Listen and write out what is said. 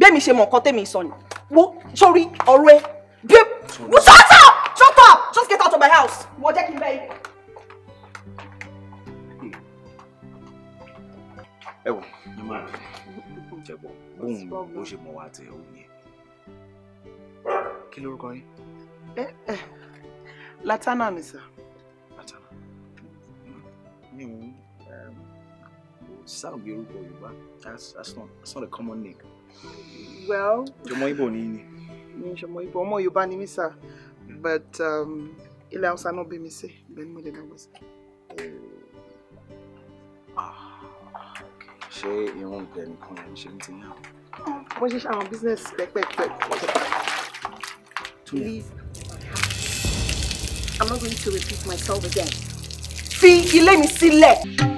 bẹ́ẹ̀ mi ṣe mọ̀ nǹkan tẹ́mi sọ ni wo sorry, ọ̀rọ̀ ẹ babe you shut up shut up just get out of my house wọ́n jẹ́ kí n bẹ́ yìí. ẹ wọ ẹ máa rẹ jẹ bọ bóun bó ṣe mọ wa tẹ òun yẹn kí lórúkọ yín. ẹ ẹ Latana ni sir. Latana mi ò sáà bí orúkọ Yorùbá that's that's not that's not a common name. Well. Ọmọ Ìbò ni ni. Mi ò ṣọmọ Ìbò, ọmọ Yorùbá ni mí sà. But um, ilẹ̀ Hausa náà bí mi sí, bẹ́ẹ̀ ni mo lè dàgbà sí. Ṣé irun ìgbẹ́ nìkan ló ń ṣe ń ti ní àwọn? Mo ṣe ṣe àwọn business pẹ́pẹ́pẹ́. Please, I'm not going to repeat myself again. Fi ilé mi sílẹ̀. Si